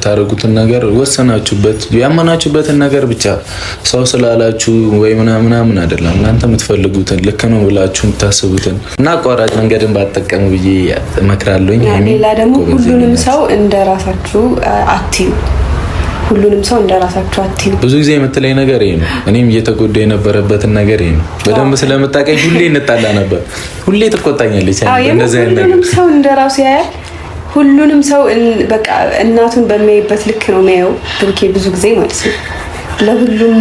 የምታደርጉትን ነገር ወሰናችሁበት፣ ያመናችሁበትን ነገር ብቻ ሰው ስላላችሁ ወይ ምናምን አይደለም። እናንተ የምትፈልጉትን ልክ ነው ብላችሁ የምታስቡትን እና አቋራጭ መንገድን ባጠቀሙ ብዬ እመክራለሁኝ። ሌላ ደግሞ ሁሉንም ሰው እንደ ራሳችሁ አትዩ ሁሉንም ሰው እንደ ራሳችሁ አትዩ። ብዙ ጊዜ የምትለኝ ነገር ይሄ ነው። እኔም እየተጎዳ የነበረበትን ነገር ይሄ ነው። በደንብ ስለምታውቀኝ ሁሌ እንጣላ ነበር። ሁሌ ትቆጣኛለች። ሁሉንም ሰው እንደ ራሱ ያያል። ሁሉንም ሰው በቃ እናቱን በሚያይበት ልክ ነው የሚያየው ብሩኬ ብዙ ጊዜ ማለት ነው። ለሁሉም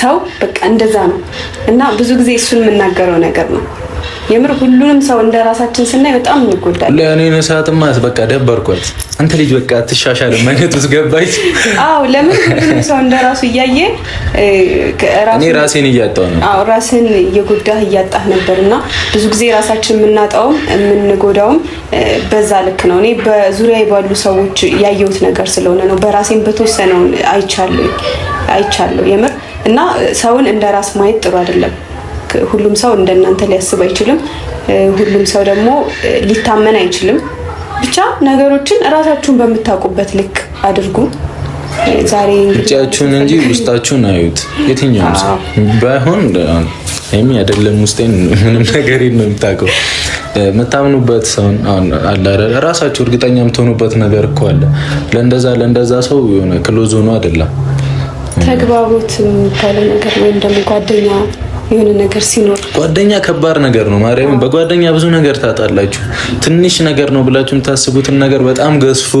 ሰው በቃ እንደዛ ነው እና ብዙ ጊዜ እሱን የምናገረው ነገር ነው የምር ሁሉንም ሰው እንደ ራሳችን ስናይ በጣም እንጎዳለን። ለእኔ ሰዓትማ በቃ ደበርኳት። አንተ ልጅ በቃ አትሻሻልም አይነት ውስጥ ገባች። አዎ ለምን ሁሉንም ሰው እንደ ራሱ እያየ እኔ ራሴን እያጣሁ ነው። አዎ ራስን እየጎዳህ እያጣህ ነበር። እና ብዙ ጊዜ ራሳችን የምናጣውም የምንጎዳውም በዛ ልክ ነው። እኔ በዙሪያ ባሉ ሰዎች ያየሁት ነገር ስለሆነ ነው። በራሴን በተወሰነውን አይቻለሁ አይቻለሁ የምር እና ሰውን እንደ ራስ ማየት ጥሩ አይደለም። ልክ ሁሉም ሰው እንደናንተ ሊያስብ አይችልም። ሁሉም ሰው ደግሞ ሊታመን አይችልም። ብቻ ነገሮችን እራሳችሁን በምታውቁበት ልክ አድርጉ። ዛሬ ውጫችሁን እንጂ ውስጣችሁን አዩት። የትኛውም ሰው ባይሆን ይህም አይደለም ውስጤን ምንም ነገር ነው የምታውቀው። የምታምኑበት ሰውን አላረ ራሳችሁ እርግጠኛ የምትሆኑበት ነገር እኮ አለ። ለእንደዛ ለእንደዛ ሰው የሆነ ክሎዝ ሆኖ አይደለም ተግባቦት የሚባለው ነገር ወይም ደግሞ ጓደኛ የሆነ ነገር ሲኖር ጓደኛ ከባድ ነገር ነው። ማርያም በጓደኛ ብዙ ነገር ታጣላችሁ። ትንሽ ነገር ነው ብላችሁ የምታስቡትን ነገር በጣም ገዝፎ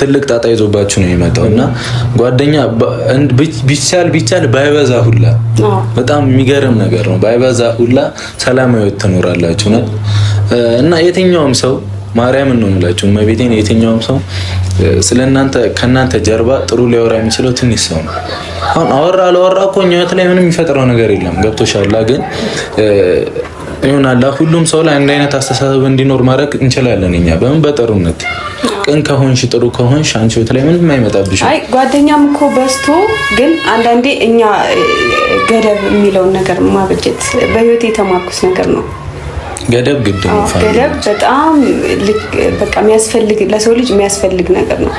ትልቅ ጣጣ ይዞባችሁ ነው የሚመጣው እና ጓደኛ ቢቻል ቢቻል ባይበዛ ሁላ በጣም የሚገርም ነገር ነው። ባይበዛ ሁላ ሰላማዊ ትኖራላችሁ እና የትኛውም ሰው ማርያምን ነው የምላቸው። መቤቴን የትኛውም ሰው ስለ እናንተ ከእናንተ ጀርባ ጥሩ ሊያወራ የሚችለው ትንሽ ሰው ነው። አሁን አወራ አለወራ እኮ እኛ ላይ ምንም የሚፈጥረው ነገር የለም። ገብቶሻላ ግን ይሆናላ ሁሉም ሰው ላይ አንድ አይነት አስተሳሰብ እንዲኖር ማድረግ እንችላለን። እኛ በምን በጥሩነት ቅን ከሆንሽ ጥሩ ከሆንሽ አንቺ ቤት ላይ ምንም አይመጣብሽ። አይ ጓደኛም እኮ በዝቶ ግን አንዳንዴ እኛ ገደብ የሚለውን ነገር ማበጀት በህይወት የተማርኩት ነገር ነው። ገደብ ግድ ገደብ በጣም በቃ የሚያስፈልግ ለሰው ልጅ የሚያስፈልግ ነገር ነው።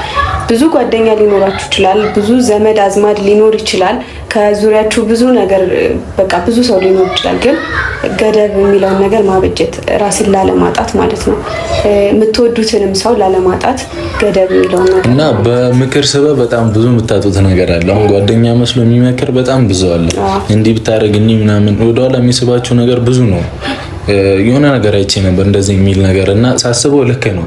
ብዙ ጓደኛ ሊኖራችሁ ይችላል። ብዙ ዘመድ አዝማድ ሊኖር ይችላል። ከዙሪያችሁ ብዙ ነገር በቃ ብዙ ሰው ሊኖር ይችላል። ግን ገደብ የሚለውን ነገር ማበጀት ራስን ላለማጣት ማለት ነው። የምትወዱትንም ሰው ላለማጣት ገደብ የሚለውን ነገር እና በምክር ስበብ በጣም ብዙ የምታጡት ነገር አለ። አሁን ጓደኛ መስሎ የሚመክር በጣም ብዙ አለ። እንዲህ ብታደርግ እኒ ምናምን ወደኋላ የሚስባችሁ ነገር ብዙ ነው። የሆነ ነገር አይቼ ነበር እንደዚህ የሚል ነገር እና ሳስበው ልክ ነው።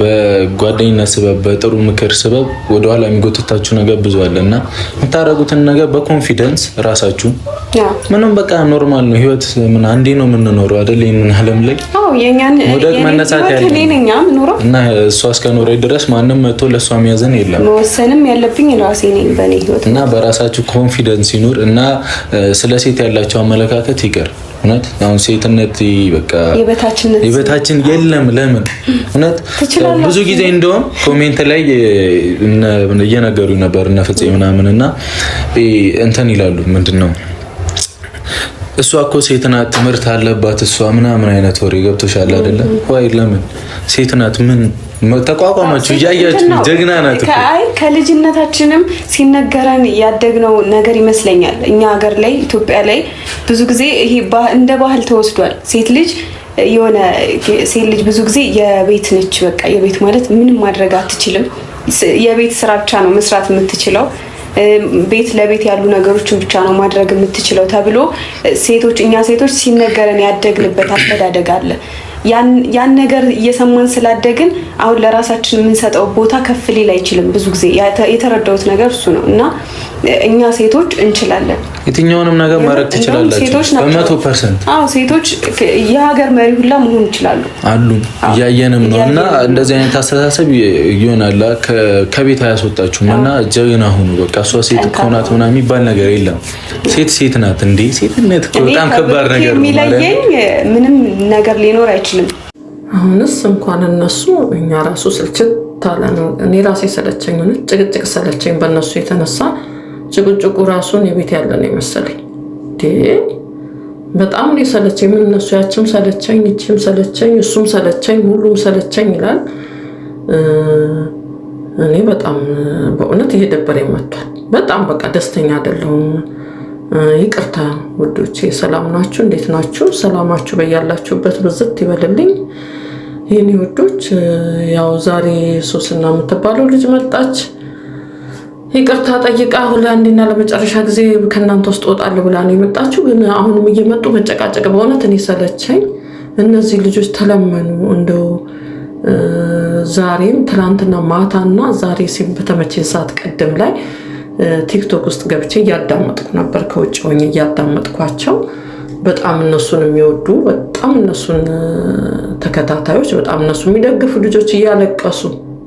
በጓደኝነት ስበብ፣ በጥሩ ምክር ስበብ ወደኋላ የሚጎትታችሁ ነገር ብዙ አለ እና የምታደርጉትን ነገር በኮንፊደንስ ራሳችሁ ምንም በቃ ኖርማል ነው ህይወት ምን አንዴ ነው የምንኖረው አደል? ይህንን አለም ላይ ወደቅ መነሳት ያለ እና እሷ እስከኖረ ድረስ ማንም መቶ ለእሷ የሚያዘን የለም። መወሰንም ያለብኝ ራሴ ነኝ በእኔ ህይወት እና በራሳችሁ ኮንፊደንስ ይኑር እና ስለ ሴት ያላቸው አመለካከት ይቅር እውነት አሁን ሴትነት በቃ የበታችን የለም። ለምን እውነት ብዙ ጊዜ እንደውም ኮሜንት ላይ እየነገሩ ነበር እነ ፍፄ ምናምን እና እንትን ይላሉ ምንድን ነው እሷ እኮ ሴት ናት፣ ትምህርት አለባት እሷ ምናምን አይነት ወሬ ገብቶሻል አይደለም ወይ? ለምን ሴት ናት ምን ተቋቋማችሁ እያያችሁ ጀግና ናት። አይ ከልጅነታችንም ሲነገረን ያደግነው ነገር ይመስለኛል። እኛ ሀገር ላይ ኢትዮጵያ ላይ ብዙ ጊዜ ይሄ እንደ ባህል ተወስዷል። ሴት ልጅ የሆነ ሴት ልጅ ብዙ ጊዜ የቤት ነች። በቃ የቤት ማለት ምንም ማድረግ አትችልም። የቤት ስራ ብቻ ነው መስራት የምትችለው ቤት ለቤት ያሉ ነገሮችን ብቻ ነው ማድረግ የምትችለው ተብሎ ሴቶች እኛ ሴቶች ሲነገረን ያደግንበት አስተዳደግ አለ። ያን ነገር እየሰማን ስላደግን አሁን ለራሳችን የምንሰጠው ቦታ ከፍ ሊል አይችልም። ብዙ ጊዜ የተረዳሁት ነገር እሱ ነው እና እኛ ሴቶች እንችላለን፣ የትኛውንም ነገር ማድረግ ትችላላችሁ። በመቶ ፐርሰንት ሴቶች የሀገር መሪ ሁላ መሆን ይችላሉ አሉ እያየንም ነው እና እንደዚህ አይነት አስተሳሰብ ይሆናላ ከቤት አያስወጣችሁም እና ጀግና ሁኑ። በቃ እሷ ሴት እኮ ናት ምናምን የሚባል ነገር የለም። ሴት ሴት ናት እንዴ! ሴትነት በጣም ከባድ ነገር ነው። የሚለየኝ ምንም ነገር ሊኖር አይችልም አልችልም። አሁንስ እንኳን እነሱ እኛ ራሱ ስልችት አለ እኔ ራሴ ሰለቸኝ፣ ሆነ ጭቅጭቅ ሰለቸኝ። በእነሱ የተነሳ ጭቁጭቁ ራሱን የቤት ያለ ነው የመሰለኝ። በጣም ነው የሰለቸኝ። ምን እነሱ ያችም ሰለቸኝ፣ ይችም ሰለቸኝ፣ እሱም ሰለቸኝ፣ ሁሉም ሰለቸኝ ይላል። እኔ በጣም በእውነት እየደበረኝ መጥቷል። በጣም በቃ ደስተኛ አይደለሁም። ይቅርታ ውዶቼ፣ ሰላም ናችሁ? እንዴት ናችሁ? ሰላማችሁ በያላችሁበት ብዝት ይበልልኝ። የኔ ውዶች፣ ያው ዛሬ ሶስና የምትባለው ልጅ መጣች። ይቅርታ ጠይቃ ለአንዴና ለመጨረሻ ጊዜ ከእናንተ ውስጥ ወጣለሁ ብላ ነው የመጣችው። ግን አሁንም እየመጡ መጨቃጨቅ በእውነት እኔ ሰለቸኝ። እነዚህ ልጆች ተለመኑ እንደው ዛሬም ትናንትና ማታና ዛሬ ሲም በተመቼ ሰዓት ቅድም ላይ ቲክቶክ ውስጥ ገብቼ እያዳመጥኩ ነበር። ከውጭ ሆኜ እያዳመጥኳቸው በጣም እነሱን የሚወዱ በጣም እነሱን ተከታታዮች በጣም እነሱ የሚደግፉ ልጆች እያለቀሱ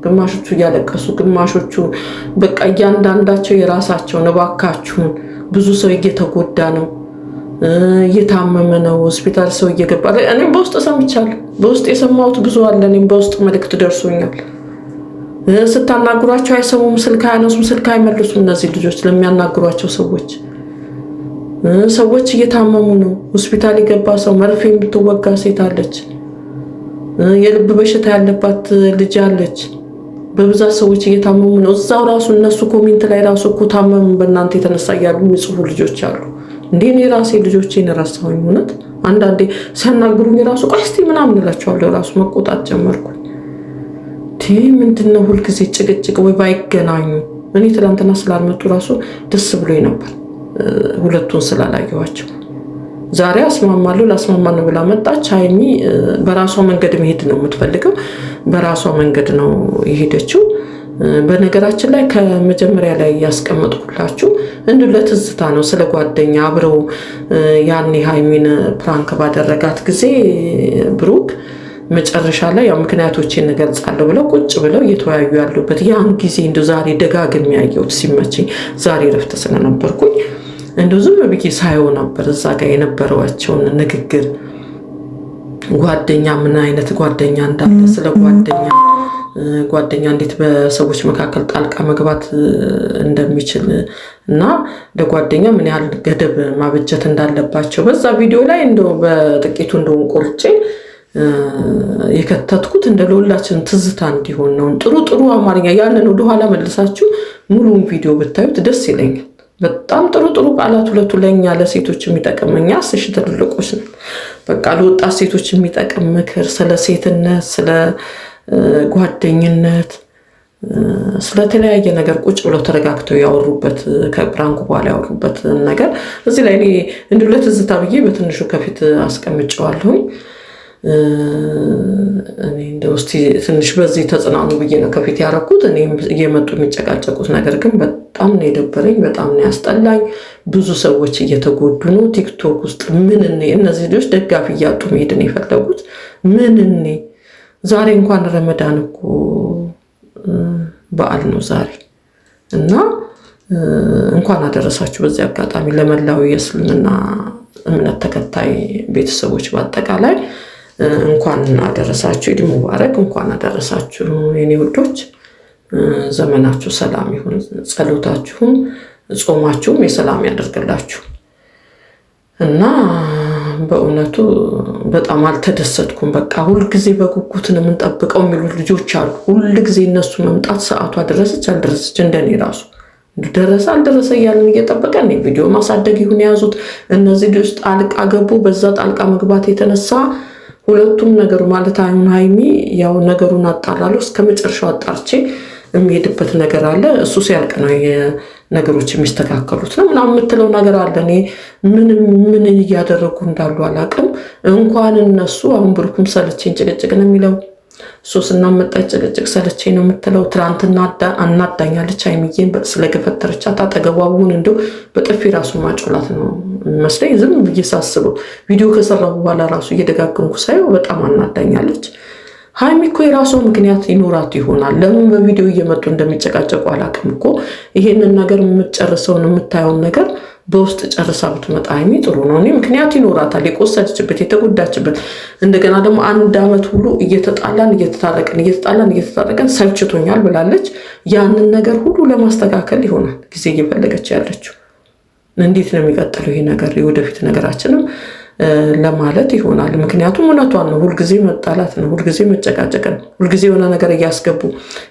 ግማሾቹ እያለቀሱ ግማሾቹ በቃ እያንዳንዳቸው የራሳቸውን እባካችሁን ብዙ ሰው እየተጎዳ ነው፣ እየታመመ ነው፣ ሆስፒታል ሰው እየገባ እኔም በውስጥ ሰምቻለሁ። በውስጥ የሰማሁት ብዙ አለ። እኔም በውስጥ መልእክት ደርሶኛል። ስታናግሯቸው አይሰሙም፣ ስልክ አያነሱም፣ ስልክ አይመልሱም። እነዚህ ልጆች ለሚያናግሯቸው ሰዎች ሰዎች እየታመሙ ነው። ሆስፒታል የገባ ሰው መርፌ የምትወጋ ሴት አለች። የልብ በሽታ ያለባት ልጅ አለች። በብዛት ሰዎች እየታመሙ ነው። እዛው ራሱ እነሱ ኮሜንት ላይ ራሱ እኮ ታመሙ በእናንተ የተነሳ እያሉ የሚጽፉ ልጆች አሉ። እንዴ እኔ ራሴ ልጆቼን ረሳሁኝ። እውነት አንዳንዴ ሲያናግሩኝ ራሱ ቆይ እስቲ ምናምን እላቸዋለሁ። ራሱ መቆጣት ጀመርኩ። ምንድነው ሁልጊዜ ጭቅጭቅ? ወይ ባይገናኙ እኔ ትናንትና ስላልመጡ ራሱ ደስ ብሎኝ ነበር፣ ሁለቱን ስላላየኋቸው። ዛሬ አስማማለሁ ላስማማ ነው ብላ መጣች። ሀይሚ በራሷ መንገድ መሄድ ነው የምትፈልገው፣ በራሷ መንገድ ነው የሄደችው። በነገራችን ላይ ከመጀመሪያ ላይ ያስቀመጥኩላችሁ እንዱ ለትዝታ ነው። ስለ ጓደኛ አብረው ያኔ ሀይሚን ፕራንክ ባደረጋት ጊዜ ብሩክ መጨረሻ ላይ ያው ምክንያቶችን እገልጻለሁ ብለው ቁጭ ብለው እየተወያዩ ያሉበት ያን ጊዜ እንደ ዛሬ ደጋግሜ ያየሁት ሲመቸኝ፣ ዛሬ ረፍት ስለነበርኩኝ እንደ ዝም ብዬ ሳየው ነበር እዛ ጋር የነበረዋቸውን ንግግር ጓደኛ ምን አይነት ጓደኛ እንዳለ ስለ ጓደኛ ጓደኛ እንዴት በሰዎች መካከል ጣልቃ መግባት እንደሚችል እና ለጓደኛ ምን ያህል ገደብ ማበጀት እንዳለባቸው በዛ ቪዲዮ ላይ እንደው በጥቂቱ እንደውን ቆርጬ የከተትኩት እንደ ለሁላችን ትዝታ እንዲሆን ነው። ጥሩ ጥሩ አማርኛ ያንን ወደኋላ መልሳችሁ ሙሉውን ቪዲዮ ብታዩት ደስ ይለኛል። በጣም ጥሩ ጥሩ ቃላት ሁለቱ ለእኛ ለሴቶች የሚጠቅመኛ ስሽ ትልልቆች ነው። በቃ ለወጣት ሴቶች የሚጠቅም ምክር ስለ ሴትነት፣ ስለ ጓደኝነት፣ ስለተለያየ ነገር ቁጭ ብለው ተረጋግተው ያወሩበት ከብራንኩ በኋላ ያወሩበት ነገር እዚህ ላይ እኔ እንዲሁ ለትዝታ ብዬ በትንሹ ከፊት አስቀምጨዋለሁኝ። እኔ እንደው እስኪ ትንሽ በዚህ ተጽናኑ ብዬ ነው ከፊት ያደረኩት። እኔ እየመጡ የሚጨቃጨቁት ነገር ግን በጣም ነው የደበረኝ፣ በጣም ነው ያስጠላኝ። ብዙ ሰዎች እየተጎዱ ነው ቲክቶክ ውስጥ። ምን እኔ እነዚህ ልጆች ደጋፊ እያጡ መሄድን የፈለጉት። ምን እኔ ዛሬ እንኳን ረመዳን እኮ በዓል ነው ዛሬ እና እንኳን አደረሳችሁ። በዚህ አጋጣሚ ለመላው የእስልምና እምነት ተከታይ ቤተሰቦች በአጠቃላይ እንኳን አደረሳችሁ። ኢድ ሙባረክ፣ እንኳን አደረሳችሁ የኔ ውዶች። ዘመናችሁ ሰላም ይሁን። ጸሎታችሁም ጾማችሁም የሰላም ያደርግላችሁ እና በእውነቱ በጣም አልተደሰትኩም። በቃ ሁልጊዜ በጉጉት ነው የምንጠብቀው የሚሉ ልጆች አሉ። ሁልጊዜ እነሱ መምጣት ሰዓቷ ደረሰች አልደረሰች እንደኔ ራሱ ደረሰ አልደረሰ እያለን እየጠበቀን ቪዲዮ ማሳደግ ይሁን የያዙት እነዚህ ልጆች ጣልቃ ገቡ። በዛ ጣልቃ መግባት የተነሳ ሁለቱም ነገሩ ማለት አሁን ሀይሚ ያው ነገሩን አጣራለሁ እስከ መጨረሻው አጣርቼ የሚሄድበት ነገር አለ። እሱ ሲያልቅ ነው ነገሮች የሚስተካከሉት ነው ምናምን የምትለው ነገር አለ። እኔ ምንም ምን እያደረጉ እንዳሉ አላውቅም። እንኳን እነሱ አሁን ብሩክም ሰለቸኝ ጭቅጭቅ ነው የሚለው ሶስና መጣ ጭቅጭቅ ሰለቼ ነው የምትለው። ትናንትና አናዳኛለች ሀይሚዬን ስለገፈተረቻት አጠገቧ እንዲሁ በጥፊ ራሱ ማጮላት ነው መስለኝ። ዝም ብዬ ሳስበው ቪዲዮ ከሰራሁ በኋላ ራሱ እየደጋገምኩ ሳየው በጣም አናዳኛለች። ሀይሚ እኮ የራሱ ምክንያት ይኖራት ይሆናል። ለምን በቪዲዮ እየመጡ እንደሚጨቃጨቁ አላውቅም እኮ ይሄንን ነገር የምትጨርሰውን የምታየውን ነገር በውስጥ ጨርሳ ብትመጣ ሀይሚ ጥሩ ነው። እኔ ምክንያት ይኖራታል፣ የቆሰችበት የተጎዳችበት። እንደገና ደግሞ አንድ ዓመት ሁሉ እየተጣላን እየተታረቅን እየተጣላን እየተታረቅን ሰልችቶኛል ብላለች። ያንን ነገር ሁሉ ለማስተካከል ይሆናል ጊዜ እየፈለገች ያለችው። እንዴት ነው የሚቀጥለው ይሄ ነገር የወደፊት ነገራችንም ለማለት ይሆናል። ምክንያቱም እውነቷን ነው። ሁልጊዜ መጣላት ነው፣ ሁልጊዜ መጨቃጨቅ ነው፣ ሁልጊዜ የሆነ ነገር እያስገቡ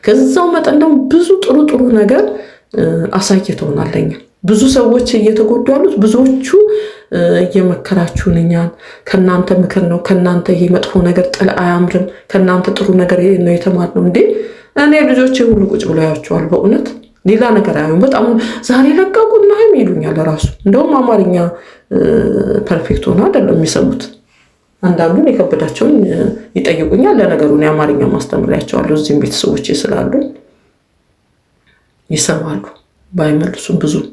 ከዛው መጠን ደግሞ ብዙ ጥሩ ጥሩ ነገር አሳይተውናል ለኛ ብዙ ሰዎች እየተጎዱ ያሉት ብዙዎቹ እየመከራችሁን እኛን ከእናንተ ምክር ነው። ከእናንተ ይሄ መጥፎ ነገር ጥል አያምርም። ከእናንተ ጥሩ ነገር ነው የተማርነው። እንዴ እኔ ልጆች ሁሉ ቁጭ ብሎ ያቸዋል። በእውነት ሌላ ነገር አያዩም። በጣም ዛሬ ለቀቁ እናም ይሉኛል ራሱ እንደውም አማርኛ ፐርፌክት ሆነ አይደለም የሚሰሙት። አንዳንዱን የከበዳቸውን ይጠይቁኛል። ለነገሩ የአማርኛ ማስተምሪያቸዋለሁ እዚህም ቤተሰቦች ስላሉ ይሰማሉ። ባይመልሱም ብዙም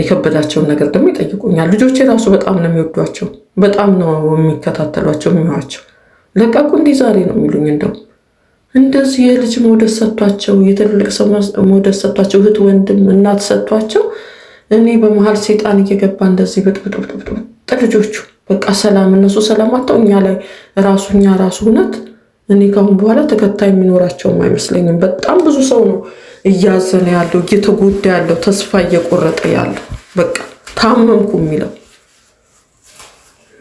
የከበዳቸውን ነገር ደግሞ ይጠይቁኛል። ልጆች የራሱ በጣም ነው የሚወዷቸው፣ በጣም ነው የሚከታተሏቸው፣ የሚዋቸው ለቀቁ እንዲህ ዛሬ ነው የሚሉኝ። እንደው እንደዚህ የልጅ መውደድ ሰጥቷቸው የትልቅ ሰው መውደድ ሰጥቷቸው እህት ወንድም እናት ሰጥቷቸው እኔ በመሀል ሴጣን እየገባ እንደዚህ ብጥብጥብጥ ልጆቹ በቃ ሰላም እነሱ ሰላም አጥተው እኛ ላይ ራሱ እኛ ራሱ እውነት እኔ ካሁን በኋላ ተከታይ የሚኖራቸውም አይመስለኝም። በጣም ብዙ ሰው ነው እያዘነ ያለው እየተጎዳ ያለው ተስፋ እየቆረጠ ያለው በቃ ታመምኩ የሚለው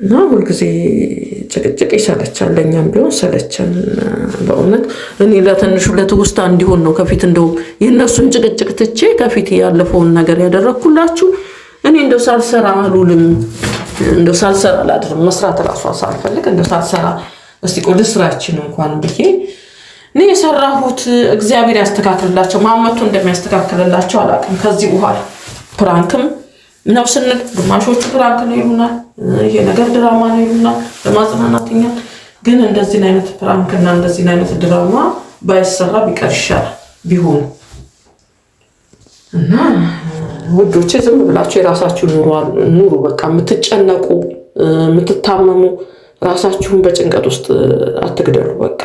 እና ሁልጊዜ ጭቅጭቅ ይሰለቻል፣ ለእኛም ቢሆን ሰለቸን። በእውነት እኔ ለትንሹ ለትውስታ እንዲሆን ነው ከፊት እንደው የእነሱን ጭቅጭቅ ትቼ ከፊት ያለፈውን ነገር ያደረግኩላችሁ እኔ እንደው ሳልሰራ አሉልም እንደው ሳልሰራ አላድርም። መስራት እራሷ ሳልፈልግ እንደው ሳልሰራ እስቲ ወደ ስራችን እንኳን ብዬ እኔ የሰራሁት እግዚአብሔር ያስተካክልላቸው። ማመቱ እንደሚያስተካክልላቸው አላውቅም። ከዚህ በኋላ ፕራንክም ነው ስንል ግማሾቹ ፕራንክ ነው ይሉናል፣ ይሄ ነገር ድራማ ነው ይሉናል ለማጽናናትኛል። ግን እንደዚህን አይነት ፕራንክና እንደዚህን አይነት ድራማ ባይሰራ ቢቀር ይሻላል ቢሆኑ እና ውዶቼ ዝም ብላችሁ የራሳችሁ ኑሩ። በቃ የምትጨነቁ የምትታመሙ ራሳችሁን በጭንቀት ውስጥ አትግደሉ። በቃ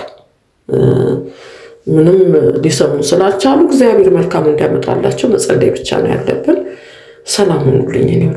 ምንም ሊሰሙን ስላልቻሉ እግዚአብሔር መልካም እንዲያመጣላቸው መጸለይ ብቻ ነው ያለብን። ሰላም ሁኑልኝ።